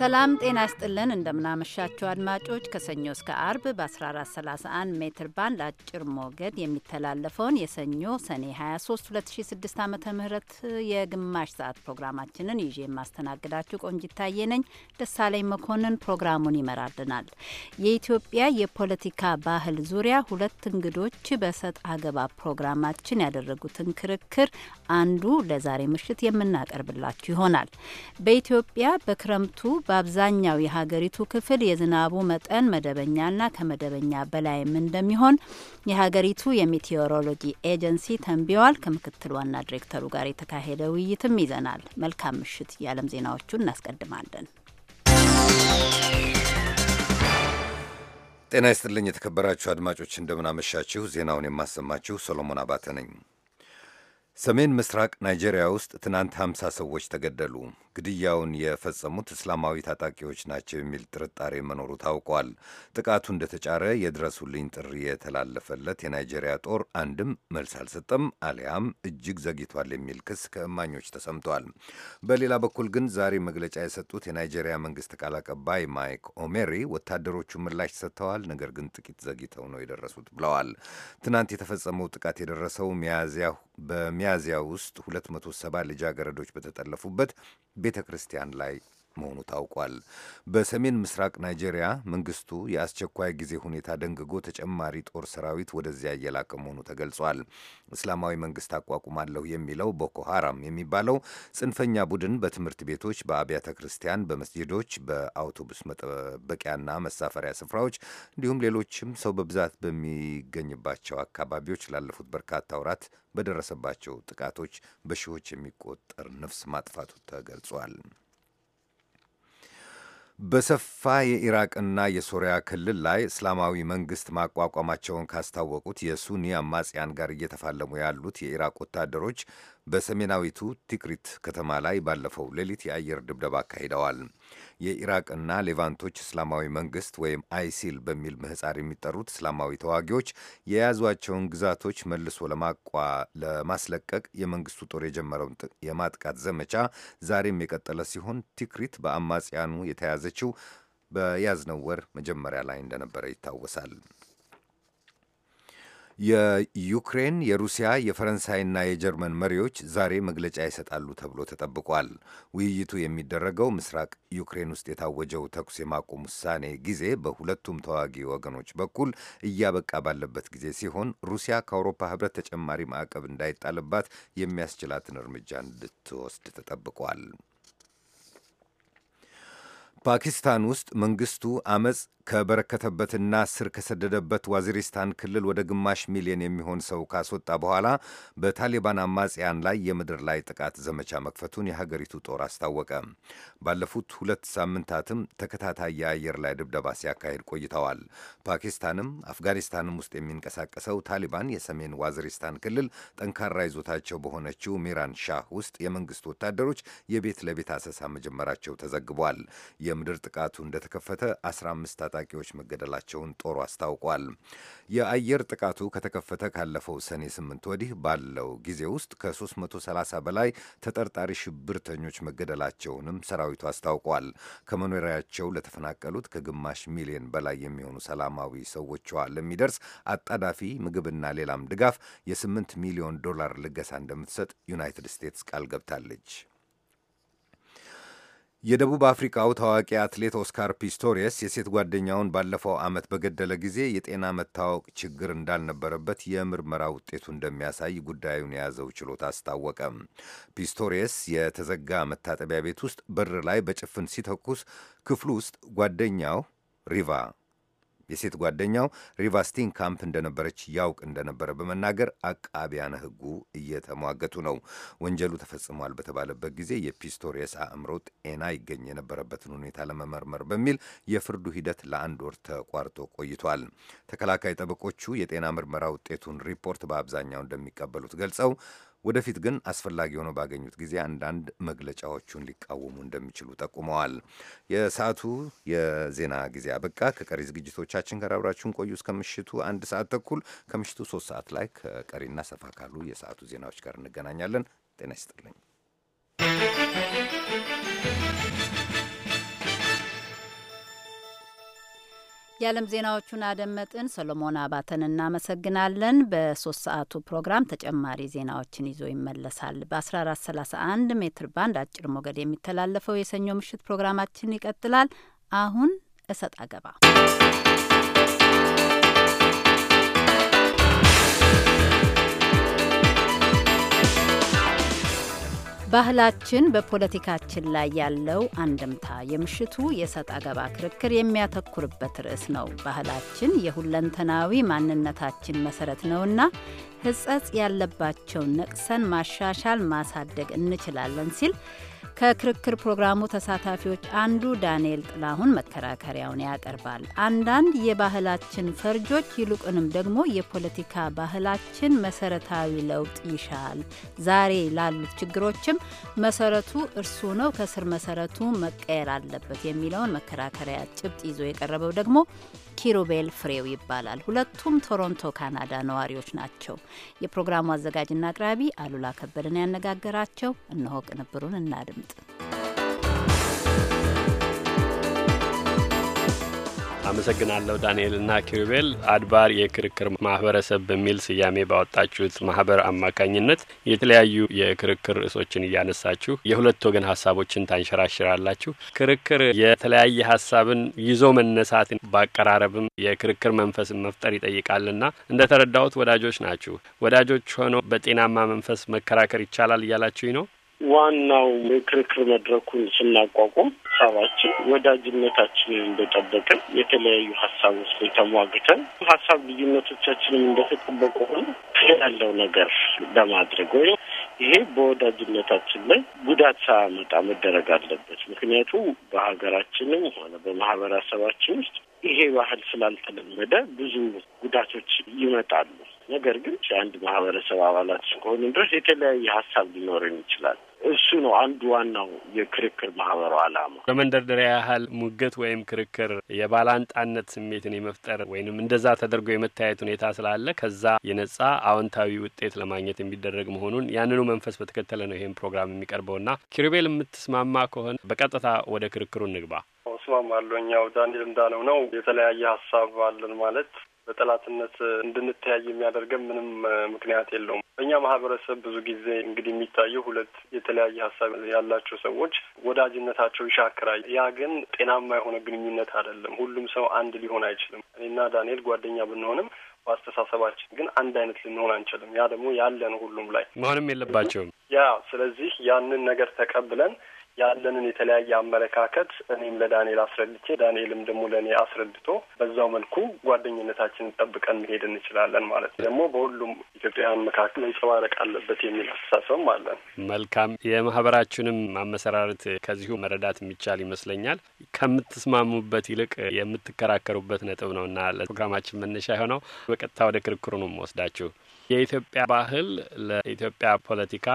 ሰላም ጤና ይስጥልን። እንደምናመሻችሁ አድማጮች ከሰኞ እስከ አርብ በ1431 ሜትር ባንድ አጭር ሞገድ የሚተላለፈውን የሰኞ ሰኔ 23 2006 ዓ ም የግማሽ ሰዓት ፕሮግራማችንን ይዤ የማስተናግዳችሁ ቆንጂታዬ ነኝ። ደሳለኝ መኮንን ፕሮግራሙን ይመራልናል። የኢትዮጵያ የፖለቲካ ባህል ዙሪያ ሁለት እንግዶች በሰጥ አገባ ፕሮግራማችን ያደረጉትን ክርክር አንዱ ለዛሬ ምሽት የምናቀርብላችሁ ይሆናል። በኢትዮጵያ በክረምቱ በአብዛኛው የሀገሪቱ ክፍል የዝናቡ መጠን መደበኛና ከመደበኛ በላይም እንደሚሆን የሀገሪቱ የሜቴዎሮሎጂ ኤጀንሲ ተንቢዋል። ከምክትል ዋና ዲሬክተሩ ጋር የተካሄደ ውይይትም ይዘናል። መልካም ምሽት። የዓለም ዜናዎቹን እናስቀድማለን። ጤና ይስጥልኝ የተከበራችሁ አድማጮች፣ እንደምናመሻችሁ። ዜናውን የማሰማችሁ ሰሎሞን አባተ ነኝ። ሰሜን ምስራቅ ናይጄሪያ ውስጥ ትናንት 50 ሰዎች ተገደሉ። ግድያውን የፈጸሙት እስላማዊ ታጣቂዎች ናቸው የሚል ጥርጣሬ መኖሩ ታውቋል። ጥቃቱ እንደተጫረ የድረሱልኝ ጥሪ የተላለፈለት የናይጄሪያ ጦር አንድም መልስ አልሰጠም አሊያም እጅግ ዘግይቷል የሚል ክስ ከእማኞች ተሰምቷል። በሌላ በኩል ግን ዛሬ መግለጫ የሰጡት የናይጄሪያ መንግስት ቃል አቀባይ ማይክ ኦሜሪ ወታደሮቹ ምላሽ ሰጥተዋል፣ ነገር ግን ጥቂት ዘግይተው ነው የደረሱት ብለዋል። ትናንት የተፈጸመው ጥቃት የደረሰው ሚያዝያ በሚያ ሚያዝያ ውስጥ 270 ልጃገረዶች በተጠለፉበት ቤተ ክርስቲያን ላይ መሆኑ ታውቋል። በሰሜን ምስራቅ ናይጄሪያ መንግስቱ የአስቸኳይ ጊዜ ሁኔታ ደንግጎ ተጨማሪ ጦር ሰራዊት ወደዚያ እየላከ መሆኑ ተገልጿል። እስላማዊ መንግስት አቋቁማለሁ የሚለው ቦኮ ሃራም የሚባለው ጽንፈኛ ቡድን በትምህርት ቤቶች፣ በአብያተ ክርስቲያን፣ በመስጂዶች፣ በአውቶቡስ መጠበቂያና መሳፈሪያ ስፍራዎች እንዲሁም ሌሎችም ሰው በብዛት በሚገኝባቸው አካባቢዎች ላለፉት በርካታ ወራት በደረሰባቸው ጥቃቶች በሺዎች የሚቆጠር ነፍስ ማጥፋቱ ተገልጿል። በሰፋ የኢራቅና የሶሪያ ክልል ላይ እስላማዊ መንግስት ማቋቋማቸውን ካስታወቁት የሱኒ አማጽያን ጋር እየተፋለሙ ያሉት የኢራቅ ወታደሮች በሰሜናዊቱ ቲክሪት ከተማ ላይ ባለፈው ሌሊት የአየር ድብደባ አካሂደዋል። የኢራቅና ሌቫንቶች እስላማዊ መንግስት ወይም አይሲል በሚል ምህፃር የሚጠሩት እስላማዊ ተዋጊዎች የያዟቸውን ግዛቶች መልሶ ለማስለቀቅ የመንግስቱ ጦር የጀመረውን የማጥቃት ዘመቻ ዛሬም የቀጠለ ሲሆን ቲክሪት በአማጽያኑ የተያዘችው በያዝነው ወር መጀመሪያ ላይ እንደነበረ ይታወሳል። የዩክሬን የሩሲያ የፈረንሳይና የጀርመን መሪዎች ዛሬ መግለጫ ይሰጣሉ ተብሎ ተጠብቋል። ውይይቱ የሚደረገው ምስራቅ ዩክሬን ውስጥ የታወጀው ተኩስ የማቆም ውሳኔ ጊዜ በሁለቱም ተዋጊ ወገኖች በኩል እያበቃ ባለበት ጊዜ ሲሆን ሩሲያ ከአውሮፓ ሕብረት ተጨማሪ ማዕቀብ እንዳይጣልባት የሚያስችላትን እርምጃ እንድትወስድ ተጠብቋል። ፓኪስታን ውስጥ መንግስቱ አመፅ ከበረከተበትና ስር ከሰደደበት ዋዚሪስታን ክልል ወደ ግማሽ ሚሊዮን የሚሆን ሰው ካስወጣ በኋላ በታሊባን አማጽያን ላይ የምድር ላይ ጥቃት ዘመቻ መክፈቱን የሀገሪቱ ጦር አስታወቀ። ባለፉት ሁለት ሳምንታትም ተከታታይ የአየር ላይ ድብደባ ሲያካሂድ ቆይተዋል። ፓኪስታንም አፍጋኒስታንም ውስጥ የሚንቀሳቀሰው ታሊባን የሰሜን ዋዚሪስታን ክልል ጠንካራ ይዞታቸው በሆነችው ሚራን ሻህ ውስጥ የመንግስት ወታደሮች የቤት ለቤት አሰሳ መጀመራቸው ተዘግቧል። የምድር ጥቃቱ እንደተከፈተ 15 ታጣቂዎች መገደላቸውን ጦሩ አስታውቋል። የአየር ጥቃቱ ከተከፈተ ካለፈው ሰኔ 8 ወዲህ ባለው ጊዜ ውስጥ ከ330 በላይ ተጠርጣሪ ሽብርተኞች መገደላቸውንም ሰራዊቱ አስታውቋል። ከመኖሪያቸው ለተፈናቀሉት ከግማሽ ሚሊዮን በላይ የሚሆኑ ሰላማዊ ሰዎቿ ለሚደርስ አጣዳፊ ምግብና ሌላም ድጋፍ የ8 ሚሊዮን ዶላር ልገሳ እንደምትሰጥ ዩናይትድ ስቴትስ ቃል ገብታለች። የደቡብ አፍሪካው ታዋቂ አትሌት ኦስካር ፒስቶሪየስ የሴት ጓደኛውን ባለፈው ዓመት በገደለ ጊዜ የጤና መታወቅ ችግር እንዳልነበረበት የምርመራ ውጤቱ እንደሚያሳይ ጉዳዩን የያዘው ችሎት አስታወቀ። ፒስቶሪየስ የተዘጋ መታጠቢያ ቤት ውስጥ በር ላይ በጭፍን ሲተኩስ ክፍሉ ውስጥ ጓደኛው ሪቫ የሴት ጓደኛው ሪቫስቲን ካምፕ እንደነበረች ያውቅ እንደነበረ በመናገር አቃቢያነ ሕጉ እየተሟገቱ ነው። ወንጀሉ ተፈጽሟል በተባለበት ጊዜ የፒስቶሪየስ አእምሮ ጤና ይገኝ የነበረበትን ሁኔታ ለመመርመር በሚል የፍርዱ ሂደት ለአንድ ወር ተቋርጦ ቆይቷል። ተከላካይ ጠበቆቹ የጤና ምርመራ ውጤቱን ሪፖርት በአብዛኛው እንደሚቀበሉት ገልጸው ወደፊት ግን አስፈላጊ ሆኖ ባገኙት ጊዜ አንዳንድ መግለጫዎቹን ሊቃወሙ እንደሚችሉ ጠቁመዋል። የሰዓቱ የዜና ጊዜ አበቃ። ከቀሪ ዝግጅቶቻችን ጋር አብራችሁን ቆዩ። እስከ ምሽቱ አንድ ሰዓት ተኩል ከምሽቱ ሶስት ሰዓት ላይ ከቀሪና ሰፋ ካሉ የሰዓቱ ዜናዎች ጋር እንገናኛለን። ጤና ይስጥልኝ። የዓለም ዜናዎቹን አደመጥን። ሰሎሞን አባተን እናመሰግናለን። በሶስት ሰዓቱ ፕሮግራም ተጨማሪ ዜናዎችን ይዞ ይመለሳል። በ1431 ሜትር ባንድ አጭር ሞገድ የሚተላለፈው የሰኞ ምሽት ፕሮግራማችን ይቀጥላል። አሁን እሰጥ አገባ ባህላችን በፖለቲካችን ላይ ያለው አንድምታ የምሽቱ የሰጥ አገባ ክርክር የሚያተኩርበት ርዕስ ነው። ባህላችን የሁለንተናዊ ማንነታችን መሰረት ነውና ሕጸጽ ያለባቸውን ነቅሰን ማሻሻል፣ ማሳደግ እንችላለን ሲል ከክርክር ፕሮግራሙ ተሳታፊዎች አንዱ ዳንኤል ጥላሁን መከራከሪያውን ያቀርባል። አንዳንድ የባህላችን ፈርጆች ይልቁንም ደግሞ የፖለቲካ ባህላችን መሰረታዊ ለውጥ ይሻል። ዛሬ ላሉት ችግሮችም መሰረቱ እርሱ ነው፣ ከስር መሰረቱ መቀየር አለበት የሚለውን መከራከሪያ ጭብጥ ይዞ የቀረበው ደግሞ ኪሩቤል ፍሬው ይባላል። ሁለቱም ቶሮንቶ ካናዳ ነዋሪዎች ናቸው። የፕሮግራሙ አዘጋጅና አቅራቢ አሉላ ከበደን ያነጋገራቸው። እነሆ ቅንብሩን እናድምጥ። አመሰግናለሁ ዳንኤልና ኪሩቤል። አድባር የክርክር ማህበረሰብ በሚል ስያሜ ባወጣችሁት ማህበር አማካኝነት የተለያዩ የክርክር ርዕሶችን እያነሳችሁ የሁለት ወገን ሀሳቦችን ታንሸራሽራላችሁ። ክርክር የተለያየ ሀሳብን ይዞ መነሳትን ባቀራረብም የክርክር መንፈስን መፍጠር ይጠይቃልና እንደ ተረዳሁት ወዳጆች ናችሁ። ወዳጆች ሆነው በጤናማ መንፈስ መከራከር ይቻላል እያላችሁኝ ነው? ዋናው የክርክር መድረኩን ስናቋቁም ሀሳባችን ወዳጅነታችንን እንደጠበቅን የተለያዩ ሀሳቦች ላይ ተሟግተን ሀሳብ ልዩነቶቻችንም እንደተጠበቁ ሆነ ያለው ነገር ለማድረግ ወይም ይሄ በወዳጅነታችን ላይ ጉዳት ሳያመጣ መደረግ አለበት። ምክንያቱ በሀገራችንም ሆነ በማህበረሰባችን ውስጥ ይሄ ባህል ስላልተለመደ ብዙ ጉዳቶች ይመጣሉ። ነገር ግን አንድ ማህበረሰብ አባላት እስከሆኑ ድረስ የተለያየ ሀሳብ ሊኖረን ይችላል። እሱ ነው አንዱ ዋናው የክርክር ማህበሩ አላማ በመንደርደሪያ ያህል ሙግት ወይም ክርክር የባላንጣነት ስሜትን የመፍጠር ወይንም እንደዛ ተደርጎ የመታየት ሁኔታ ስላለ ከዛ የነጻ አዎንታዊ ውጤት ለማግኘት የሚደረግ መሆኑን ያንኑ መንፈስ በተከተለ ነው ይህም ፕሮግራም የሚቀርበውና ኪሩቤል የምትስማማ ከሆነ በቀጥታ ወደ ክርክሩ እንግባ። እስማማለሁ። ያው ዳንኤል እንዳለው ነው የተለያየ ሀሳብ አለን ማለት በጠላትነት እንድንተያይ የሚያደርገን ምንም ምክንያት የለውም። በእኛ ማህበረሰብ ብዙ ጊዜ እንግዲህ የሚታየው ሁለት የተለያየ ሀሳብ ያላቸው ሰዎች ወዳጅነታቸው ይሻክራል። ያ ግን ጤናማ የሆነ ግንኙነት አይደለም። ሁሉም ሰው አንድ ሊሆን አይችልም። እኔና ዳንኤል ጓደኛ ብንሆንም በአስተሳሰባችን ግን አንድ አይነት ልንሆን አንችልም። ያ ደግሞ ያለ ነው ሁሉም ላይ መሆንም የለባቸውም። ያ ስለዚህ ያንን ነገር ተቀብለን ያለንን የተለያየ አመለካከት እኔም ለዳንኤል አስረድቼ ዳንኤልም ደግሞ ለእኔ አስረድቶ በዛው መልኩ ጓደኝነታችንን ጠብቀን መሄድ እንችላለን ማለት ነው። ደግሞ በሁሉም ኢትዮጵያውያን መካከል መንጸባረቅ አለበት የሚል አስተሳሰብም አለን። መልካም። የማህበራችንም ማመሰራረት ከዚሁ መረዳት የሚቻል ይመስለኛል። ከምትስማሙበት ይልቅ የምትከራከሩበት ነጥብ እና ለፕሮግራማችን መነሻ የሆነው በቀጥታ ወደ ክርክሩ ነው የምወስዳችሁ። የኢትዮጵያ ባህል ለኢትዮጵያ ፖለቲካ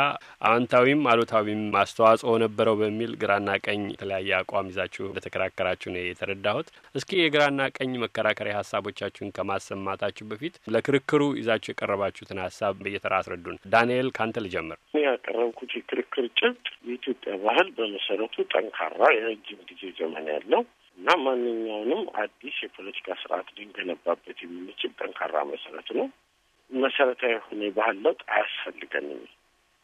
አዎንታዊም አሉታዊም አስተዋጽኦ ነበረው በሚል ግራና ቀኝ የተለያየ አቋም ይዛችሁ እንደተከራከራችሁ ነው የተረዳሁት። እስኪ የግራና ቀኝ መከራከሪያ ሀሳቦቻችሁን ከማሰማታችሁ በፊት ለክርክሩ ይዛችሁ የቀረባችሁትን ሀሳብ በየተራ አስረዱን። ዳንኤል ካንተ ልጀምር። እኔ ያቀረብኩት የክርክር ጭብጥ የኢትዮጵያ ባህል በመሰረቱ ጠንካራ የረጅም ጊዜ ዘመን ያለው እና ማንኛውንም አዲስ የፖለቲካ ስርዓት ልንገነባበት የምንችል ጠንካራ መሰረት ነው። መሰረታዊ የሆነ የባህል ለውጥ አያስፈልገንም።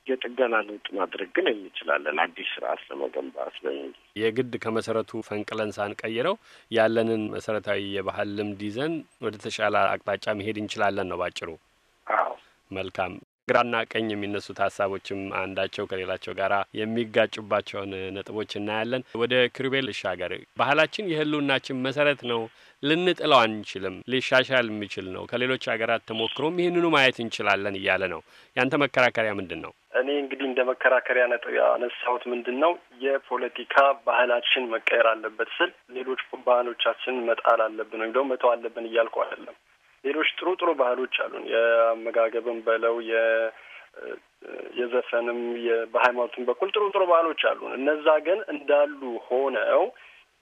የጥገና ለውጥ ማድረግ ግን እንችላለን። አዲስ ስርዓት ለመገንባት በሚል የግድ ከመሰረቱ ፈንቅለን ሳንቀይረው ያለንን መሰረታዊ የባህል ልምድ ይዘን ወደ ተሻለ አቅጣጫ መሄድ እንችላለን ነው ባጭሩ። አዎ መልካም። ግራና ቀኝ የሚነሱት ሀሳቦችም አንዳቸው ከሌላቸው ጋር የሚጋጩባቸውን ነጥቦች እናያለን። ወደ ክሩቤል ልሻገር። ባህላችን የህልውናችን መሰረት ነው፣ ልንጥለው አንችልም። ሊሻሻል የሚችል ነው። ከሌሎች ሀገራት ተሞክሮም ይህንኑ ማየት እንችላለን እያለ ነው። ያንተ መከራከሪያ ምንድን ነው? እኔ እንግዲህ እንደ መከራከሪያ ነጥብ ያነሳሁት ምንድን ነው የፖለቲካ ባህላችን መቀየር አለበት ስል ሌሎች ባህሎቻችን መጣል አለብን ወይም ደግሞ መተው አለብን እያልኩ አይደለም። ሌሎች ጥሩ ጥሩ ባህሎች አሉን። የአመጋገብም በለው የዘፈንም በሃይማኖትም በኩል ጥሩ ጥሩ ባህሎች አሉን። እነዛ ግን እንዳሉ ሆነው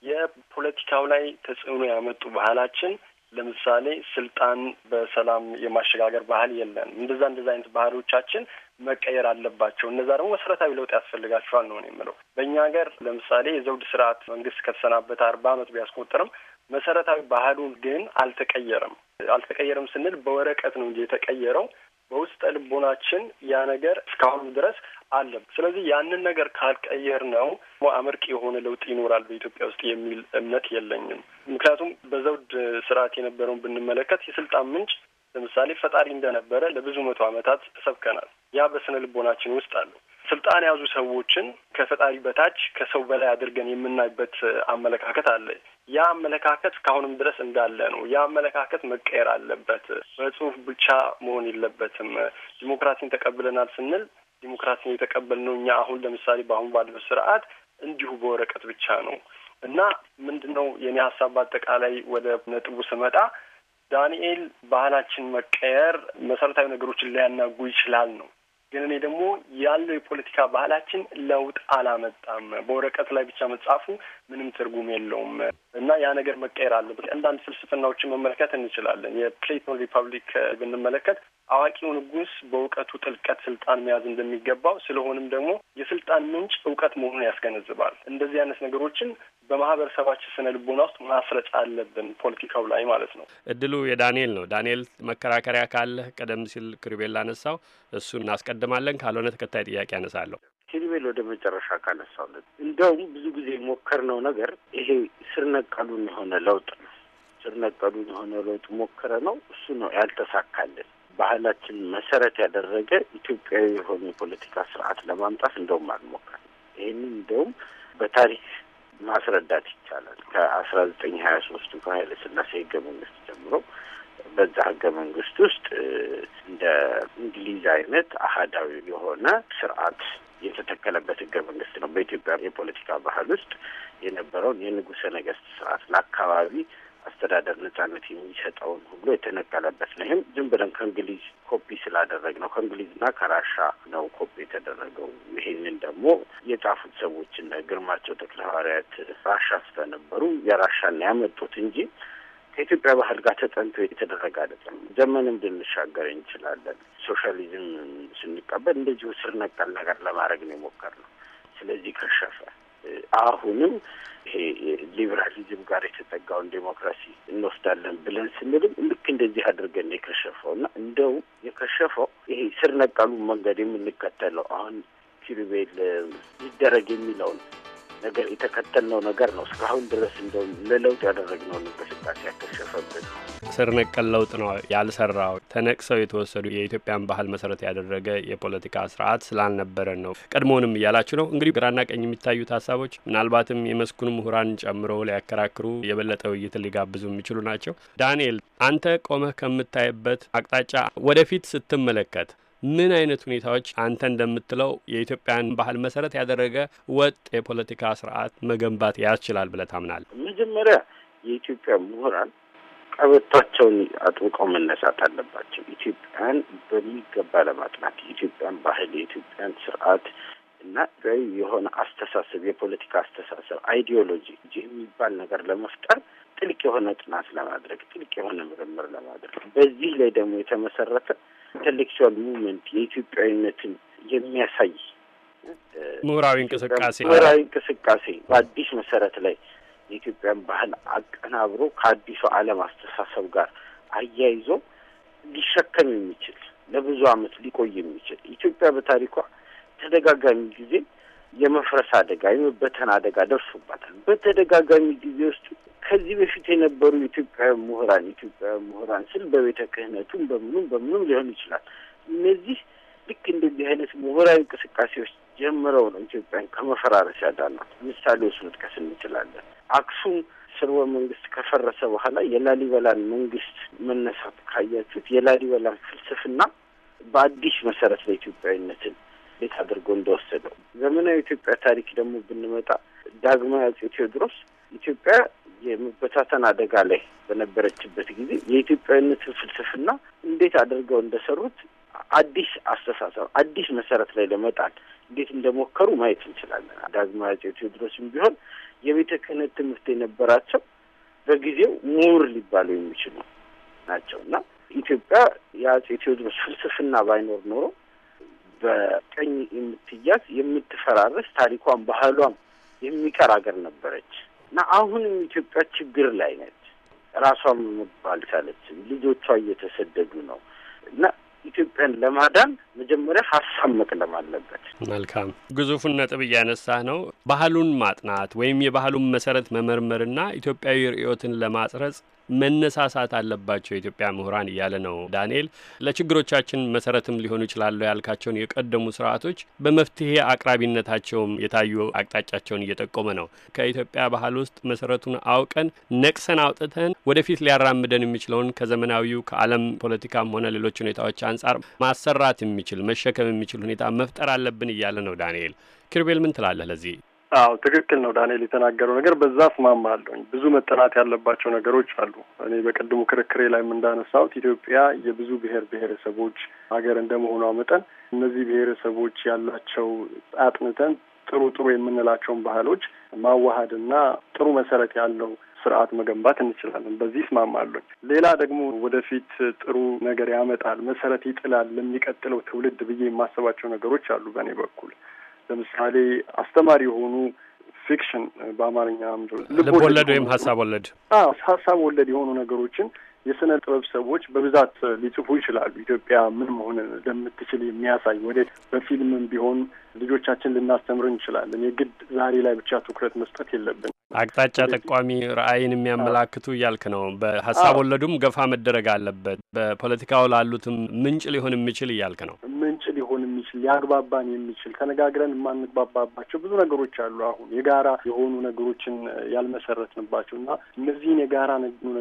የፖለቲካው ላይ ተጽዕኖ ያመጡ ባህላችን ለምሳሌ ስልጣን በሰላም የማሸጋገር ባህል የለን። እንደዛ እንደዛ አይነት ባህሎቻችን መቀየር አለባቸው። እነዛ ደግሞ መሰረታዊ ለውጥ ያስፈልጋቸዋል ነው የምለው። በእኛ ሀገር ለምሳሌ የዘውድ ስርዓት መንግስት ከተሰናበተ አርባ ዓመት ቢያስቆጥርም መሰረታዊ ባህሉን ግን አልተቀየረም። አልተቀየረም ስንል በወረቀት ነው እንጂ የተቀየረው በውስጠ ልቦናችን ያ ነገር እስካሁንም ድረስ አለ። ስለዚህ ያንን ነገር ካልቀየር ነው አመርቂ የሆነ ለውጥ ይኖራል በኢትዮጵያ ውስጥ የሚል እምነት የለኝም። ምክንያቱም በዘውድ ስርዓት የነበረውን ብንመለከት የስልጣን ምንጭ ለምሳሌ ፈጣሪ እንደነበረ ለብዙ መቶ ዓመታት ሰብከናል። ያ በስነ ልቦናችን ውስጥ አለው። ስልጣን የያዙ ሰዎችን ከፈጣሪ በታች ከሰው በላይ አድርገን የምናይበት አመለካከት አለ። ያ አመለካከት እስካሁንም ድረስ እንዳለ ነው። ያ አመለካከት መቀየር አለበት። በጽሁፍ ብቻ መሆን የለበትም። ዲሞክራሲን ተቀብለናል ስንል ዲሞክራሲን የተቀበልነው እኛ አሁን ለምሳሌ በአሁን ባለው ስርዓት እንዲሁ በወረቀት ብቻ ነው እና ምንድን ነው የኔ ሀሳብ በአጠቃላይ ወደ ነጥቡ ስመጣ ዳንኤል ባህላችን መቀየር መሰረታዊ ነገሮችን ሊያናጉ ይችላል ነው ግን እኔ ደግሞ ያለው የፖለቲካ ባህላችን ለውጥ አላመጣም። በወረቀት ላይ ብቻ መጻፉ ምንም ትርጉም የለውም እና ያ ነገር መቀየር አለበት። አንዳንድ ፍልስፍናዎችን መመልከት እንችላለን። የፕሌቶን ሪፐብሊክ ብንመለከት አዋቂው ንጉስ በእውቀቱ ጥልቀት ስልጣን መያዝ እንደሚገባው ስለሆንም ደግሞ የስልጣን ምንጭ እውቀት መሆኑን ያስገነዝባል። እንደዚህ አይነት ነገሮችን በማህበረሰባችን ስነ ልቦና ውስጥ ማስረጫ አለብን፣ ፖለቲካው ላይ ማለት ነው። እድሉ የዳንኤል ነው። ዳንኤል መከራከሪያ ካለህ ቀደም ሲል ክሪቤል ላነሳው እሱን እናስቀድማለን፣ ካልሆነ ተከታይ ጥያቄ ያነሳለሁ። ክሪቤል ወደ መጨረሻ ካነሳውለት እንደውም ብዙ ጊዜ የሞከርነው ነገር ይሄ ስር ነቀሉን የሆነ ለውጥ ነው። ስር ነቀሉን የሆነ ለውጥ ሞከረ ነው እሱ ነው ያልተሳካልን። ባህላችን መሰረት ያደረገ ኢትዮጵያዊ የሆነ የፖለቲካ ስርዓት ለማምጣት እንደውም አልሞከርም። ይህንን እንደውም በታሪክ ማስረዳት ይቻላል። ከአስራ ዘጠኝ ሀያ ሶስቱ ከኃይለ ሥላሴ ህገ መንግስት ጀምሮ በዛ ህገ መንግስት ውስጥ እንደ እንግሊዝ አይነት አህዳዊ የሆነ ስርዓት የተተከለበት ህገ መንግስት ነው። በኢትዮጵያ የፖለቲካ ባህል ውስጥ የነበረውን የንጉሰ ነገስት ስርዓት ለአካባቢ አስተዳደር ነጻነት የሚሰጠውን ሁሉ የተነቀለበት ነው። ይህም ዝም ብለን ከእንግሊዝ ኮፒ ስላደረግ ነው። ከእንግሊዝና ከራሻ ነው ኮፒ የተደረገው። ይሄንን ደግሞ የጻፉት ሰዎች እነ ግርማቸው ተክለሐዋርያት ራሻ ስለነበሩ የራሻና ያመጡት እንጂ ከኢትዮጵያ ባህል ጋር ተጠንቶ የተደረገ አይደለም። ዘመንም ልንሻገር እንችላለን። ሶሻሊዝም ስንቀበል እንደዚሁ ስር ነቀል ነገር ለማድረግ ነው የሞከርነው። ስለዚህ ከሸፈ አሁንም ይሄ ሊበራሊዝም ጋር የተጠጋውን ዴሞክራሲ እንወስዳለን ብለን ስንልም ልክ እንደዚህ አድርገን የከሸፈው እና እንደውም የከሸፈው ይሄ ስር ነቀሉ መንገድ የምንከተለው አሁን ኪሩቤል ይደረግ የሚለውን ነገር የተከተልነው ነገር ነው። እስካሁን ድረስ እንደውም ለለውጥ ያደረግነውን እንቅስቃሴ ያከሸፈብን ስር ነቀል ለውጥ ነው ያልሰራው። ተነቅሰው የተወሰዱ የኢትዮጵያን ባህል መሰረት ያደረገ የፖለቲካ ስርዓት ስላልነበረን ነው። ቀድሞውንም እያላችሁ ነው እንግዲህ ግራና ቀኝ የሚታዩት ሀሳቦች ምናልባትም የመስኩን ምሁራን ጨምሮ ሊያከራክሩ የበለጠ ውይይትን ሊጋብዙ የሚችሉ ናቸው። ዳንኤል አንተ ቆመህ ከምታይበት አቅጣጫ ወደፊት ስትመለከት ምን አይነት ሁኔታዎች አንተ እንደምትለው የኢትዮጵያን ባህል መሰረት ያደረገ ወጥ የፖለቲካ ስርዓት መገንባት ያስችላል ብለህ ታምናለህ? መጀመሪያ የኢትዮጵያ ምሁራን ቀበቷቸውን አጥብቀው መነሳት አለባቸው። ኢትዮጵያን በሚገባ ለማጥናት የኢትዮጵያን ባህል፣ የኢትዮጵያን ስርዓት እና ገቢ የሆነ አስተሳሰብ፣ የፖለቲካ አስተሳሰብ አይዲዮሎጂ የሚባል ነገር ለመፍጠር ጥልቅ የሆነ ጥናት ለማድረግ ጥልቅ የሆነ ምርምር ለማድረግ በዚህ ላይ ደግሞ የተመሰረተ ኢንቴሌክቹዋል ሙቭመንት የኢትዮጵያዊነትን የሚያሳይ ምሁራዊ እንቅስቃሴ ምሁራዊ እንቅስቃሴ በአዲስ መሰረት ላይ የኢትዮጵያን ባህል አቀናብሮ ከአዲሱ ዓለም አስተሳሰብ ጋር አያይዞ ሊሸከም የሚችል ለብዙ ዓመት ሊቆይ የሚችል ኢትዮጵያ በታሪኳ ተደጋጋሚ ጊዜ የመፍረስ አደጋ የመበተን አደጋ ደርሶባታል። በተደጋጋሚ ጊዜ ውስጥ ከዚህ በፊት የነበሩ ኢትዮጵያዊ ምሁራን ኢትዮጵያዊ ምሁራን ስል በቤተ ክህነቱም በምኑም በምኑም ሊሆን ይችላል። እነዚህ ልክ እንደዚህ አይነት ምሁራዊ እንቅስቃሴዎች ጀምረው ነው ኢትዮጵያን ከመፈራረስ ያዳናት። ምሳሌዎች መጥቀስ እንችላለን። አክሱም ስርወ መንግስት ከፈረሰ በኋላ የላሊበላን መንግስት መነሳት ካያችሁት የላሊበላን ፍልስፍና በአዲስ መሰረት ለኢትዮጵያዊነትን ቤት አድርጎ እንደወሰደው ዘመናዊ ኢትዮጵያ ታሪክ ደግሞ ብንመጣ ዳግማዊ አጼ ቴዎድሮስ ኢትዮጵያ የመበታተን አደጋ ላይ በነበረችበት ጊዜ የኢትዮጵያዊነትን ፍልስፍና እንዴት አድርገው እንደሰሩት አዲስ አስተሳሰብ አዲስ መሰረት ላይ ለመጣል እንዴት እንደሞከሩ ማየት እንችላለን። ዳግማዊ አጼ ቴዎድሮስም ቢሆን የቤተ ክህነት ትምህርት የነበራቸው በጊዜው ምሁር ሊባሉ የሚችሉ ናቸው እና ኢትዮጵያ የአጼ ቴዎድሮስ ፍልስፍና ባይኖር ኖሮ በቀኝ የምትያዝ የምትፈራረስ ታሪኳን ባህሏም የሚቀር ሀገር ነበረች እና አሁንም ኢትዮጵያ ችግር ላይ ነች። ራሷን መባል ቻለችም። ልጆቿ እየተሰደዱ ነው እና ኢትዮጵያን ለማዳን መጀመሪያ ሀሳብ መቅደም አለበት። መልካም ግዙፉን ነጥብ እያነሳ ነው። ባህሉን ማጥናት ወይም የባህሉን መሰረት መመርመርና ኢትዮጵያዊ ርዕዮትን ለማጽረጽ መነሳሳት አለባቸው የኢትዮጵያ ምሁራን እያለ ነው ዳንኤል። ለችግሮቻችን መሰረትም ሊሆኑ ይችላሉ ያልካቸውን የቀደሙ ስርዓቶች በመፍትሄ አቅራቢነታቸውም የታዩ አቅጣጫቸውን እየጠቆመ ነው። ከኢትዮጵያ ባህል ውስጥ መሰረቱን አውቀን ነቅሰን አውጥተን ወደፊት ሊያራምደን የሚችለውን ከዘመናዊው ከዓለም ፖለቲካም ሆነ ሌሎች ሁኔታዎች አንጻር ማሰራት የሚችል መሸከም የሚችል ሁኔታ መፍጠር አለብን እያለ ነው ዳንኤል። ክርቤል ምን ትላለህ ለዚህ? አዎ ትክክል ነው ዳንኤል የተናገረው ነገር በዛ እስማማለሁኝ። ብዙ መጠናት ያለባቸው ነገሮች አሉ። እኔ በቀድሞ ክርክሬ ላይም እንዳነሳሁት ኢትዮጵያ የብዙ ብሔር ብሔረሰቦች ሀገር እንደመሆኗ መጠን እነዚህ ብሔረሰቦች ያላቸው አጥንተን ጥሩ ጥሩ የምንላቸውን ባህሎች ማዋሃድና ጥሩ መሰረት ያለው ስርዓት መገንባት እንችላለን። በዚህ እስማማለሁ። ሌላ ደግሞ ወደፊት ጥሩ ነገር ያመጣል፣ መሰረት ይጥላል ለሚቀጥለው ትውልድ ብዬ የማስባቸው ነገሮች አሉ በእኔ በኩል ለምሳሌ አስተማሪ የሆኑ ፊክሽን በአማርኛ ልብ ወለድ ወይም ሀሳብ ወለድ ሀሳብ ወለድ የሆኑ ነገሮችን የስነ ጥበብ ሰዎች በብዛት ሊጽፉ ይችላሉ። ኢትዮጵያ ምን መሆን እንደምትችል የሚያሳይ ወደ በፊልምም ቢሆን ልጆቻችን ልናስተምር እንችላለን። የግድ ዛሬ ላይ ብቻ ትኩረት መስጠት የለብን። አቅጣጫ ጠቋሚ ራዕይን የሚያመላክቱ እያልክ ነው። በሀሳብ ወለዱም ገፋ መደረግ አለበት። በፖለቲካው ላሉትም ምንጭ ሊሆን የሚችል እያልክ ነው። ምንጭ ሊሆን የሚችል ሊያግባባን የሚችል ተነጋግረን የማንግባባባቸው ብዙ ነገሮች አሉ። አሁን የጋራ የሆኑ ነገሮችን ያልመሰረትንባቸው እና እነዚህን የጋራ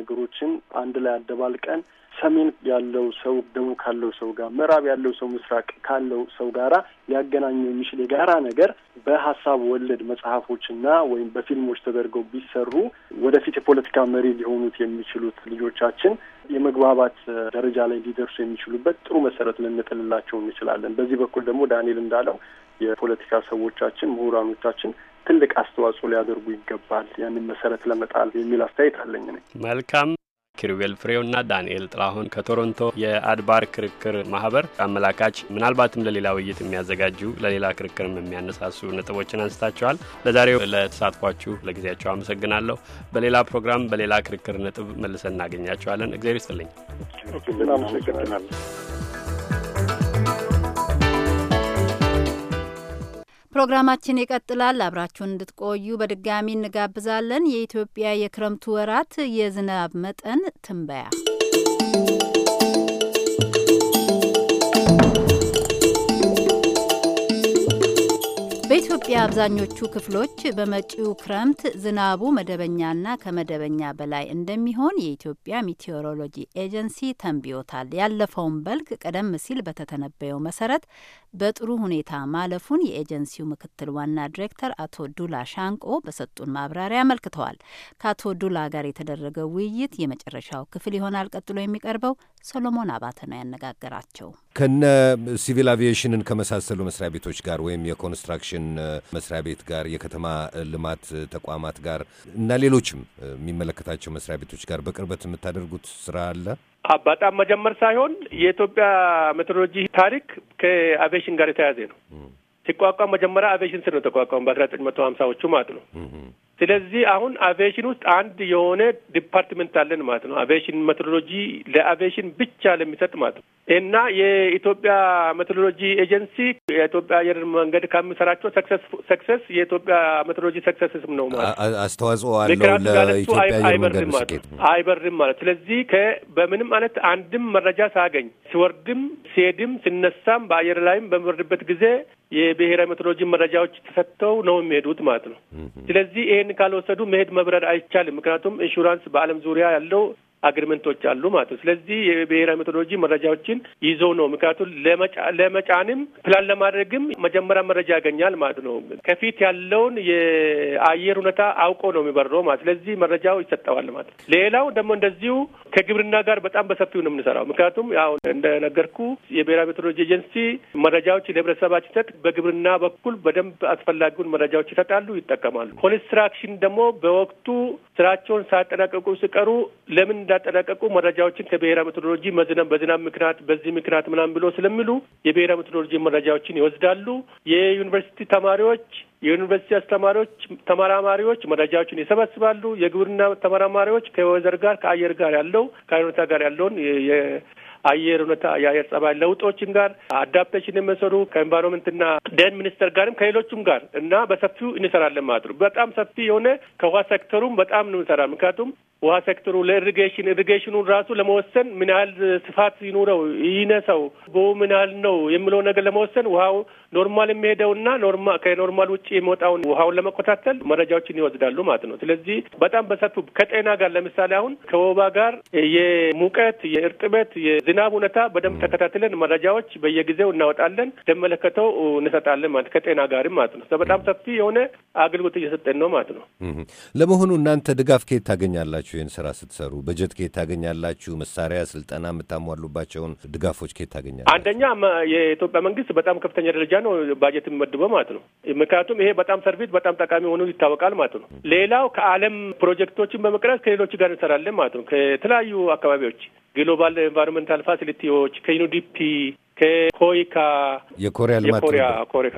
ነገሮችን አንድ ላይ አደባልቀን ሰሜን ያለው ሰው ደቡብ ካለው ሰው ጋር፣ ምዕራብ ያለው ሰው ምስራቅ ካለው ሰው ጋራ ሊያገናኙ የሚችል የጋራ ነገር በሀሳብ ወለድ መጽሐፎችና ወይም በፊልሞች ተደርገው ቢሰሩ ወደፊት የፖለቲካ መሪ ሊሆኑት የሚችሉት ልጆቻችን የመግባባት ደረጃ ላይ ሊደርሱ የሚችሉበት ጥሩ መሰረት ልንጥልላቸው እንችላለን። በዚህ በኩል ደግሞ ዳንኤል እንዳለው የፖለቲካ ሰዎቻችን፣ ምሁራኖቻችን ትልቅ አስተዋጽኦ ሊያደርጉ ይገባል ያንን መሰረት ለመጣል የሚል አስተያየት አለኝ ነኝ። መልካም ኪሩቤል ፍሬውና ዳንኤል ጥላሁን ከቶሮንቶ የአድባር ክርክር ማህበር አመላካች ምናልባትም ለሌላ ውይይት የሚያዘጋጁ ለሌላ ክርክርም የሚያነሳሱ ነጥቦችን አንስታቸዋል። ለዛሬው ለተሳትፏችሁ ለጊዜያቸው አመሰግናለሁ። በሌላ ፕሮግራም በሌላ ክርክር ነጥብ መልሰን እናገኛቸዋለን። እግዚአብሔር ይስጥልኝ። ፕሮግራማችን ይቀጥላል። አብራችሁን እንድትቆዩ በድጋሚ እንጋብዛለን። የኢትዮጵያ የክረምቱ ወራት የዝናብ መጠን ትንበያ የኢትዮጵያ አብዛኞቹ ክፍሎች በመጪው ክረምት ዝናቡ መደበኛና ከመደበኛ በላይ እንደሚሆን የኢትዮጵያ ሚቴዎሮሎጂ ኤጀንሲ ተንብዮታል። ያለፈውን በልግ ቀደም ሲል በተተነበየው መሰረት በጥሩ ሁኔታ ማለፉን የኤጀንሲው ምክትል ዋና ዲሬክተር አቶ ዱላ ሻንቆ በሰጡን ማብራሪያ አመልክተዋል። ከአቶ ዱላ ጋር የተደረገው ውይይት የመጨረሻው ክፍል ይሆናል ቀጥሎ የሚቀርበው። ሰሎሞን አባተ ነው ያነጋገራቸው። ከነ ሲቪል አቪዬሽንን ከመሳሰሉ መስሪያ ቤቶች ጋር ወይም የኮንስትራክሽን መስሪያ ቤት ጋር፣ የከተማ ልማት ተቋማት ጋር እና ሌሎችም የሚመለከታቸው መስሪያ ቤቶች ጋር በቅርበት የምታደርጉት ስራ አለ? በጣም መጀመር ሳይሆን የኢትዮጵያ ሜትሮሎጂ ታሪክ ከአቬሽን ጋር የተያያዘ ነው። ሲቋቋም መጀመሪያ አቬሽን ስር ነው ተቋቋሙ በአስራ ዘጠኝ መቶ ሀምሳዎቹ ማለት ነው። ስለዚህ አሁን አቪዬሽን ውስጥ አንድ የሆነ ዲፓርትመንት አለን ማለት ነው። አቪዬሽን ሜትሮሎጂ ለአቪዬሽን ብቻ ለሚሰጥ ማለት ነው እና የኢትዮጵያ ሜትሮሎጂ ኤጀንሲ የኢትዮጵያ አየር መንገድ ከሚሰራቸው ሰክሰስ የኢትዮጵያ ሜትሮሎጂ ሰክሰስ ስም ነው ማለት አስተዋጽኦ አለው ለኢትዮጵያ አየር መንገድ ስኬት ማለት ስለዚህ በምንም አይነት አንድም መረጃ ሳገኝ ሲወርድም፣ ሲሄድም፣ ሲነሳም በአየር ላይም በሚወርድበት ጊዜ የብሔራዊ ሜትሮሎጂ መረጃዎች ተሰጥተው ነው የሚሄዱት ማለት ነው ስለዚህ ይህን ካልወሰዱ መሄድ መብረር አይቻልም። ምክንያቱም ኢንሹራንስ በዓለም ዙሪያ ያለው አግሪመንቶች አሉ ማለት ነው። ስለዚህ የብሔራዊ ሜቶዶሎጂ መረጃዎችን ይዞ ነው። ምክንያቱም ለመጫንም ፕላን ለማድረግም መጀመሪያ መረጃ ያገኛል ማለት ነው። ከፊት ያለውን የአየር ሁኔታ አውቆ ነው የሚበረው ማለት ስለዚህ መረጃው ይሰጠዋል ማለት ነው። ሌላው ደግሞ እንደዚሁ ከግብርና ጋር በጣም በሰፊው ነው የምንሰራው። ምክንያቱም ያው እንደነገርኩ የብሔራዊ ሜቶዶሎጂ ኤጀንሲ መረጃዎች ለህብረተሰባችን ሲሰጥ በግብርና በኩል በደንብ አስፈላጊውን መረጃዎች ይሰጣሉ፣ ይጠቀማሉ። ኮንስትራክሽን ደግሞ በወቅቱ ስራቸውን ሳያጠናቀቁ ሲቀሩ ለምን ስላጠናቀቁ መረጃዎችን ከብሔራዊ ሜትሮሎጂ መዝነብ በዝናብ ምክንያት በዚህ ምክንያት ምናምን ብሎ ስለሚሉ የብሔራዊ ሜትሮሎጂ መረጃዎችን ይወስዳሉ። የዩኒቨርሲቲ ተማሪዎች የዩኒቨርሲቲ አስተማሪዎች፣ ተመራማሪዎች መረጃዎችን ይሰበስባሉ። የግብርና ተመራማሪዎች ከወዘር ጋር ከአየር ጋር ያለው ከአይኖታ ጋር ያለውን አየር ሁኔታ የአየር ጸባይ ለውጦችም ጋር አዳፕቴሽን የሚሰሩ ከኤንቫይሮንመንትና ደን ሚኒስተር ጋርም ከሌሎቹም ጋር እና በሰፊው እንሰራለን ማለት ነው። በጣም ሰፊ የሆነ ከውሃ ሴክተሩም በጣም ነው እንሰራ። ምክንያቱም ውሃ ሴክተሩ ለኢሪጌሽን ኢሪጌሽኑን ራሱ ለመወሰን ምን ያህል ስፋት ይኑረው ይነሰው፣ ቦው ምን ያህል ነው የሚለው ነገር ለመወሰን ውሃው ኖርማል የሚሄደውና ኖርማ ከኖርማል ውጭ የሚወጣውን ውሃውን ለመቆታተል መረጃዎችን ይወስዳሉ ማለት ነው። ስለዚህ በጣም በሰፊው ከጤና ጋር ለምሳሌ አሁን ከወባ ጋር የሙቀት የእርጥበት የዝ የዝናብ ሁኔታ በደንብ ተከታትለን መረጃዎች በየጊዜው እናወጣለን፣ እንደመለከተው እንሰጣለን ማለት ከጤና ጋርም ማለት ነው። በጣም ሰፊ የሆነ አገልግሎት እየሰጠን ነው ማለት ነው። ለመሆኑ እናንተ ድጋፍ ከየት ታገኛላችሁ? ይህን ስራ ስትሰሩ በጀት ከየት ታገኛላችሁ? መሳሪያ፣ ስልጠና የምታሟሉባቸውን ድጋፎች ከየት ታገኛላችሁ? አንደኛ የኢትዮጵያ መንግስት በጣም ከፍተኛ ደረጃ ነው ባጀት የሚመድበው ማለት ነው። ምክንያቱም ይሄ በጣም ሰርቪስ በጣም ጠቃሚ ሆኑ ይታወቃል ማለት ነው። ሌላው ከዓለም ፕሮጀክቶችን በመቅረጽ ከሌሎች ጋር እንሰራለን ማለት ነው። ከተለያዩ አካባቢዎች ግሎባል ኤንቫይሮንመንታል ሆስፒታል ፋሲሊቲዎች ከዩኒዲፒ ከኮይካ የኮሪያ ልማት ኮሪያ ኮሪያ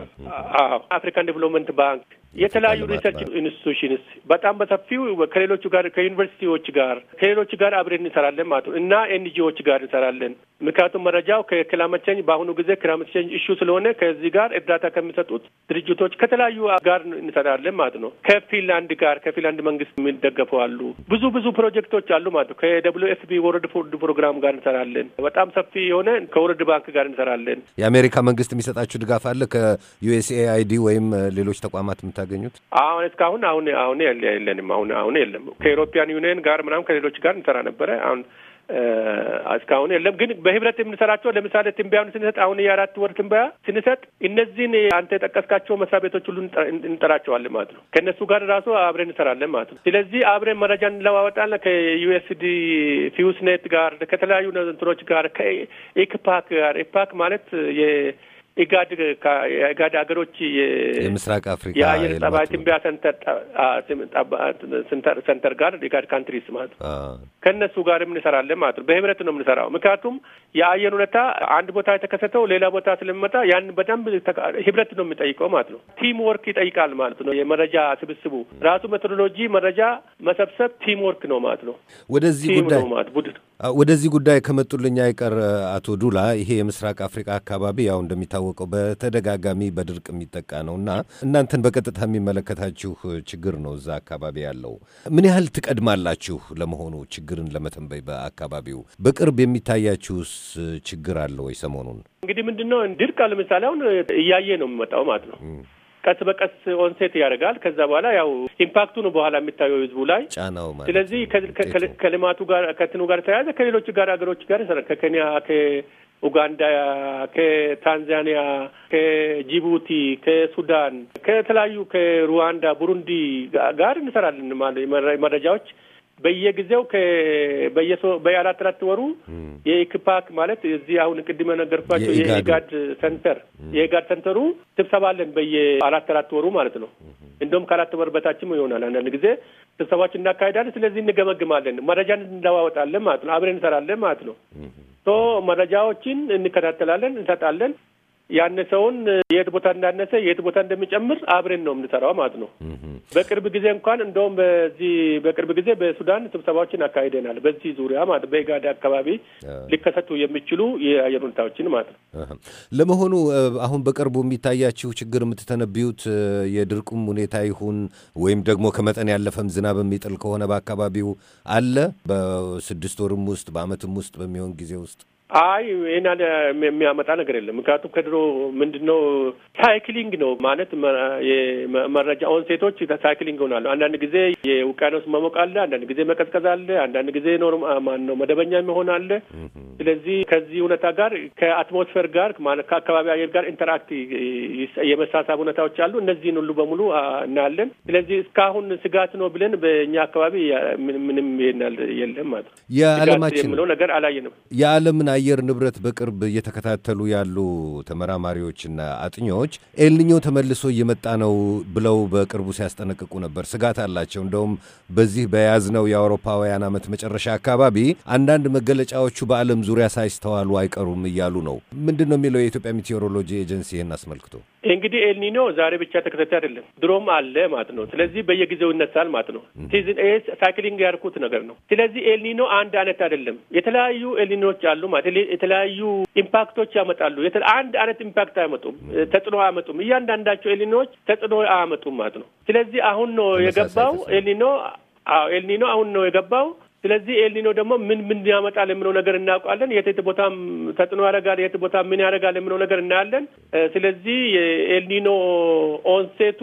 አፍሪካን ዴቨሎፕመንት ባንክ የተለያዩ ሪሰርች ኢንስቲቱሽንስ በጣም በሰፊው ከሌሎቹ ጋር ከዩኒቨርሲቲዎች ጋር ከሌሎች ጋር አብረን እንሰራለን ማለት ነው እና ኤንጂዎች ጋር እንሰራለን። ምክንያቱም መረጃው ከክላይሜት ቼንጅ በአሁኑ ጊዜ ክላይሜት ቼንጅ እሹ ስለሆነ ከዚህ ጋር እርዳታ ከሚሰጡት ድርጅቶች ከተለያዩ ጋር እንሰራለን ማለት ነው። ከፊንላንድ ጋር ከፊንላንድ መንግስት የሚደገፉ አሉ። ብዙ ብዙ ፕሮጀክቶች አሉ ማለት ነው። ከደብሊው ኤፍ ፒ ወርልድ ፉድ ፕሮግራም ጋር እንሰራለን። በጣም ሰፊ የሆነ ከወርልድ ባንክ ጋር እንሰራለን። የአሜሪካ መንግስት የሚሰጣችሁ ድጋፍ አለ ከዩኤስኤአይዲ ወይም ሌሎች ተቋማት የምታገኙት? አሁን እስካሁን አሁን አሁን የለንም። አሁን አሁን የለም። ከኢሮፒያን ዩኒየን ጋር ምናም ከሌሎች ጋር እንሰራ ነበረ። አሁን እስካሁን የለም። ግን በህብረት የምንሰራቸው ለምሳሌ ትንበያውን ስንሰጥ አሁን የአራት ወር ትንበያ ስንሰጥ እነዚህን አንተ የጠቀስካቸው መስሪያ ቤቶች ሁሉ እንጠራቸዋለን ማለት ነው። ከእነሱ ጋር ራሱ አብረን እንሰራለን ማለት ነው። ስለዚህ አብረን መረጃ እንለዋወጣለን። ከዩኤስዲ ፊውስኔት ጋር ከተለያዩ እንትኖች ጋር ከኢክፓክ ጋር ኢክፓክ ማለት ኢጋድ ኢጋድ ሀገሮች የምስራቅ አፍሪካ የአየር ጠባይ ትንበያ ሰንተር ጋር ኢጋድ ካንትሪስ ማለት ነው። ከእነሱ ጋር እንሰራለን ማለት ነው። በህብረት ነው የምንሰራው። ምክንያቱም የአየር ሁኔታ አንድ ቦታ የተከሰተው ሌላ ቦታ ስለሚመጣ ያን በደንብ ህብረት ነው የሚጠይቀው ማለት ነው። ቲም ወርክ ይጠይቃል ማለት ነው። የመረጃ ስብስቡ ራሱ ሜቶዶሎጂ መረጃ መሰብሰብ ቲም ወርክ ነው ማለት ነው። ወደዚህ ጉዳይ ቡድን ወደዚህ ጉዳይ ከመጡልኝ አይቀር አቶ ዱላ፣ ይሄ የምስራቅ አፍሪካ አካባቢ ያው እንደሚታወቀው በተደጋጋሚ በድርቅ የሚጠቃ ነው እና እናንተን በቀጥታ የሚመለከታችሁ ችግር ነው እዛ አካባቢ ያለው። ምን ያህል ትቀድማላችሁ ለመሆኑ ችግርን ለመተንበይ በአካባቢው በቅርብ የሚታያችሁስ ችግር አለ ወይ? ሰሞኑን እንግዲህ ምንድነው ድርቅ ለምሳሌ አሁን እያየ ነው የሚመጣው ማለት ነው ቀስ በቀስ ኦንሴት ያደርጋል። ከዛ በኋላ ያው ኢምፓክቱ ነው በኋላ የሚታየው ህዝቡ ላይ ጫናው ማለት። ስለዚህ ከልማቱ ጋር ከትኑ ጋር ተያያዘ ከሌሎች ጋር ሀገሮች ጋር ይሰራል። ከኬንያ፣ ከኡጋንዳ፣ ከታንዛኒያ፣ ከጅቡቲ፣ ከሱዳን፣ ከተለያዩ ከሩዋንዳ፣ ቡሩንዲ ጋር እንሰራለን መረጃዎች በየጊዜው በየአራት አራት ወሩ የኢክፓክ ማለት እዚህ አሁን ቅድመ ነገርኳቸው የኢጋድ ሰንተር የኢጋድ ሰንተሩ ስብሰባ አለን በየአራት አራት ወሩ ማለት ነው። እንደውም ከአራት ወር በታችም ይሆናል አንዳንድ ጊዜ ስብሰባችን እናካሄዳለን። ስለዚህ እንገመግማለን፣ መረጃን እንለዋወጣለን ማለት ነው። አብረን እንሰራለን ማለት ነው። መረጃዎችን እንከታተላለን፣ እንሰጣለን። ያነሰውን የት ቦታ እንዳነሰ የት ቦታ እንደሚጨምር አብረን ነው የምንሰራው ማለት ነው። በቅርብ ጊዜ እንኳን እንደውም በዚህ በቅርብ ጊዜ በሱዳን ስብሰባዎችን አካሂደናል። በዚህ ዙሪያ ማለት በኢጋድ አካባቢ ሊከሰቱ የሚችሉ የአየር ሁኔታዎችን ማለት ነው። ለመሆኑ አሁን በቅርቡ የሚታያችሁ ችግር የምትተነብዩት የድርቁም ሁኔታ ይሁን ወይም ደግሞ ከመጠን ያለፈም ዝናብ የሚጥል ከሆነ በአካባቢው አለ በስድስት ወርም ውስጥ በአመትም ውስጥ በሚሆን ጊዜ ውስጥ አይ ይህን የሚያመጣ ነገር የለም። ምክንያቱም ከድሮ ምንድን ነው ሳይክሊንግ ነው ማለት መረጃ ኦን ሴቶች ሳይክሊንግ ይሆናሉ። አንዳንድ ጊዜ የውቅያኖስ መሞቅ አለ፣ አንዳንድ ጊዜ መቀዝቀዝ አለ፣ አንዳንድ ጊዜ ኖር ማን ነው መደበኛ የሚሆን አለ። ስለዚህ ከዚህ እውነታ ጋር ከአትሞስፌር ጋር ማለት ከአካባቢ አየር ጋር ኢንተራክት የመሳሳብ ሁኔታዎች አሉ። እነዚህን ሁሉ በሙሉ እናያለን። ስለዚህ እስካሁን ስጋት ነው ብለን በእኛ አካባቢ ምንም ይናል የለም ማለት ነው። የአለማችን የምለው ነገር አላየንም የአለምን የአየር ንብረት በቅርብ እየተከታተሉ ያሉ ተመራማሪዎችና አጥኚዎች ኤልኒኞ ተመልሶ እየመጣ ነው ብለው በቅርቡ ሲያስጠነቅቁ ነበር። ስጋት አላቸው። እንደውም በዚህ በያዝነው የአውሮፓውያን ዓመት መጨረሻ አካባቢ አንዳንድ መገለጫዎቹ በዓለም ዙሪያ ሳይስተዋሉ አይቀሩም እያሉ ነው። ምንድን ነው የሚለው የኢትዮጵያ ሚቴዎሮሎጂ ኤጀንሲ ይህን አስመልክቶ እንግዲህ ኤልኒኖ ዛሬ ብቻ ተከታታይ አይደለም፣ ድሮም አለ ማለት ነው። ስለዚህ በየጊዜው ይነሳል ማለት ነው። ሲዝን ኤስ ሳይክሊንግ ያልኩት ነገር ነው። ስለዚህ ኤልኒኖ አንድ አይነት አይደለም። የተለያዩ ኤልኒኖች አሉ ማለት የተለያዩ ኢምፓክቶች ያመጣሉ። አንድ አይነት ኢምፓክት አያመጡም፣ ተጽዕኖ አያመጡም። እያንዳንዳቸው ኤልኒኖች ተጽዕኖ አያመጡም ማለት ነው። ስለዚህ አሁን ነው የገባው ኤልኒኖ። አዎ ኤልኒኖ አሁን ነው የገባው ስለዚህ ኤልኒኖ ደግሞ ምን ምን ያመጣል የምለው ነገር እናውቃለን። የት የት ቦታም ተጽዕኖ ያደርጋል፣ የት ቦታ ምን ያደርጋል የምለው ነገር እናያለን። ስለዚህ የኤልኒኖ ኦንሴቱ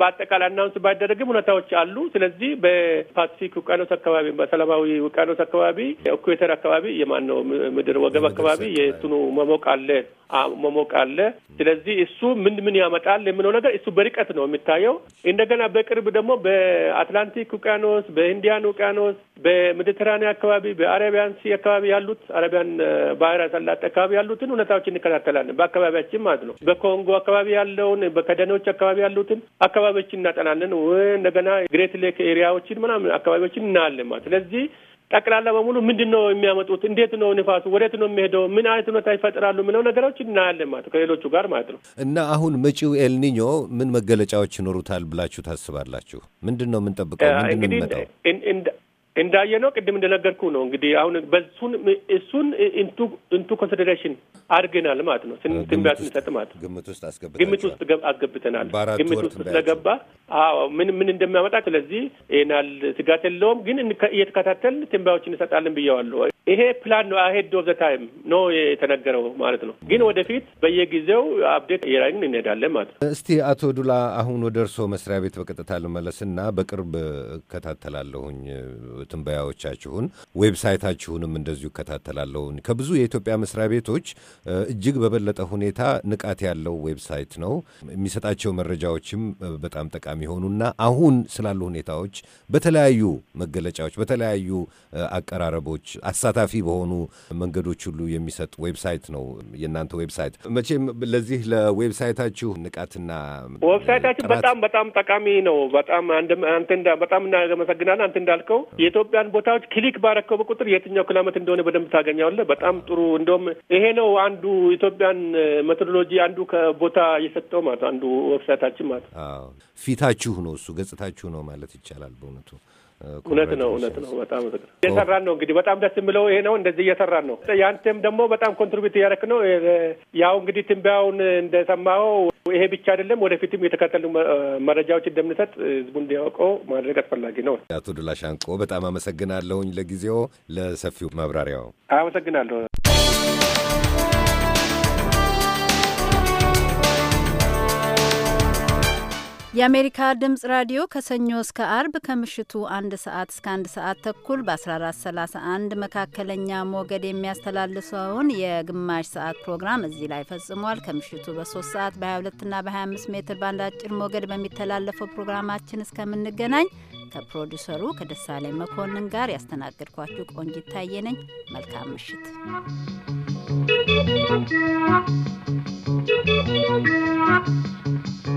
በአጠቃላይ አናውንስ ባይደረግም ሁኔታዎች አሉ። ስለዚህ በፓሲፊክ ውቅያኖስ አካባቢ፣ በሰላማዊ ውቅያኖስ አካባቢ፣ ኢኩዌተር አካባቢ የማነው ምድር ወገብ አካባቢ የእሱኑ መሞቅ አለ መሞቅ አለ። ስለዚህ እሱ ምን ምን ያመጣል የምለው ነገር እሱ በርቀት ነው የሚታየው። እንደገና በቅርብ ደግሞ በአትላንቲክ ውቅያኖስ፣ በኢንዲያን ውቅያኖስ በሜዲትራኒያ አካባቢ በአረቢያን ሲ አካባቢ ያሉት አረቢያን ባህር ሰላጤ አካባቢ ያሉትን እውነታዎች እንከታተላለን። በአካባቢያችን ማለት ነው። በኮንጎ አካባቢ ያለውን በከደኖች አካባቢ ያሉትን አካባቢዎች እናጠናለን። እንደገና ግሬት ሌክ ኤሪያዎችን ምናምን አካባቢዎችን እናያለን ማለት ስለዚህ ጠቅላላ በሙሉ ምንድን ነው የሚያመጡት? እንዴት ነው ንፋሱ? ወዴት ነው የሚሄደው? ምን አይነት ሁኔታ ይፈጥራሉ? ምለው ነገሮች እናያለን ማለት ከሌሎቹ ጋር ማለት ነው። እና አሁን መጪው ኤልኒኞ ምን መገለጫዎች ይኖሩታል ብላችሁ ታስባላችሁ? ምንድን ነው የምንጠብቀው? ምንድን ነው የሚመጣው? እንዳየ ነው ቅድም እንደነገርኩ ነው እንግዲህ አሁን በሱን እሱን ኢንቱ ኢንቱ ኮንሲደሬሽን አድርገናል ማለት ነው። ትንቢያት ንሰጥ ማለት ነው። ግምት ውስጥ አስገብተናል። ግምት ውስጥ አስገብተናል። ግምት ውስጥ ስለገባ አዎ፣ ምን ምን እንደሚያመጣ ስለዚህ ይሄናል ስጋት የለውም። ግን እየተከታተል ትንቢያዎች እንሰጣለን ብየዋለሁ። ይሄ ፕላን ነው አሄድ ኦፍ ዘ ታይም ነው የተነገረው ማለት ነው። ግን ወደፊት በየጊዜው አፕዴት እየራይን እንሄዳለን ማለት ነው። እስቲ አቶ ዱላ አሁን ወደ እርስዎ መስሪያ ቤት በቀጥታ ልመለስና በቅርብ እከታተላለሁኝ ትንበያዎቻችሁን፣ ዌብሳይታችሁንም እንደዚሁ እከታተላለሁን። ከብዙ የኢትዮጵያ መስሪያ ቤቶች እጅግ በበለጠ ሁኔታ ንቃት ያለው ዌብሳይት ነው። የሚሰጣቸው መረጃዎችም በጣም ጠቃሚ ሆኑና አሁን ስላሉ ሁኔታዎች በተለያዩ መገለጫዎች፣ በተለያዩ አቀራረቦች አሳታፊ በሆኑ መንገዶች ሁሉ የሚሰጥ ዌብሳይት ነው የእናንተ ዌብሳይት። መቼም ለዚህ ለዌብሳይታችሁ ንቃትና ዌብሳይታችሁ በጣም በጣም ጠቃሚ ነው። በጣም አንተ በጣም እናመሰግናለን። አንተ እንዳልከው የኢትዮጵያን ቦታዎች ክሊክ ባረከቡ ቁጥር የትኛው ክላመት እንደሆነ በደንብ ታገኛለ በጣም ጥሩ። እንደውም ይሄ ነው አንዱ ኢትዮጵያን ሜቶዶሎጂ አንዱ ከቦታ የሰጠው ማለት አንዱ ወብሳይታችን ማለት ፊታችሁ ነው እሱ ገጽታችሁ ነው ማለት ይቻላል በእውነቱ እውነት ነው፣ እውነት ነው። በጣም እየሰራን ነው። እንግዲህ በጣም ደስ የምለው ይሄ ነው። እንደዚህ እየሰራን ነው። የአንተም ደግሞ በጣም ኮንትሪቢዩት እያደረክ ነው። ያው እንግዲህ ትንበያውን እንደሰማኸው ይሄ ብቻ አይደለም። ወደፊትም የተከተሉ መረጃዎች እንደምንሰጥ ህዝቡ እንዲያውቀው ማድረግ አስፈላጊ ነው። አቶ ዱላ ሻንቆ በጣም አመሰግናለሁኝ። ለጊዜው ለሰፊው ማብራሪያው አመሰግናለሁ። የአሜሪካ ድምፅ ራዲዮ ከሰኞ እስከ አርብ ከምሽቱ አንድ ሰዓት እስከ አንድ ሰዓት ተኩል በ1431 መካከለኛ ሞገድ የሚያስተላልፈውን የግማሽ ሰዓት ፕሮግራም እዚህ ላይ ፈጽሟል። ከምሽቱ በሶስት ሰዓት በ22ና በ25 ሜትር ባንድ አጭር ሞገድ በሚተላለፈው ፕሮግራማችን እስከምንገናኝ ከፕሮዲሰሩ ከደሳሌ መኮንን ጋር ያስተናገድኳችሁ ቆንጅ ታየ ነኝ። መልካም ምሽት። Thank you.